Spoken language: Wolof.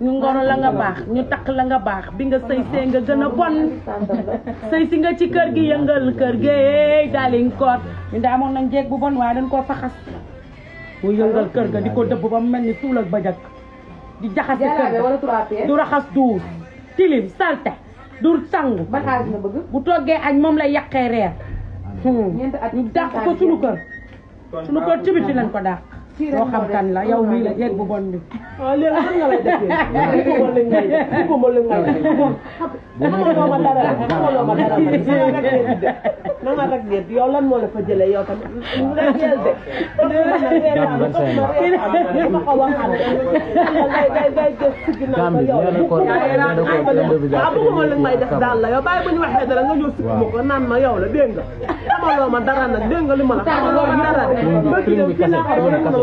ñu ngoro la nga baax ñu takk la nga baax bi nga yang see nga gën a bon sëy si nga ci kër gi yëngal kër gi ñu nañ bu bon dañ faxas yëngal kër ga di kota dëbb ba ak bajak di jaxase kër ga du raxas tilim salte dur sang ba xaalis na bëgg bu toggee añ moom lay yàqee reer ñu hmm. ko kër kër ci biti lañ ko doo xam kan la yow mii la yéeg bu bon bi. waaw léegi lan nga lay defee. waaw léegi bu bon la nga lay defee. bu bon la nga lay defee xamaloo ma dara de xamaloo ma dara de. na nga rek ngeen yow lan moo la fa jëlee yow tamit. mu la jël de. ma ko waxaat day day day jël si ginnaaw ba yow. ah bëgguma li may def daal la yow bàyyi bu ñu waxee dara nga ñëw si ma ko naan ma yow la dégg nga. xamaloo ma dara nag dégg nga li ma la xamaloo ma dara de.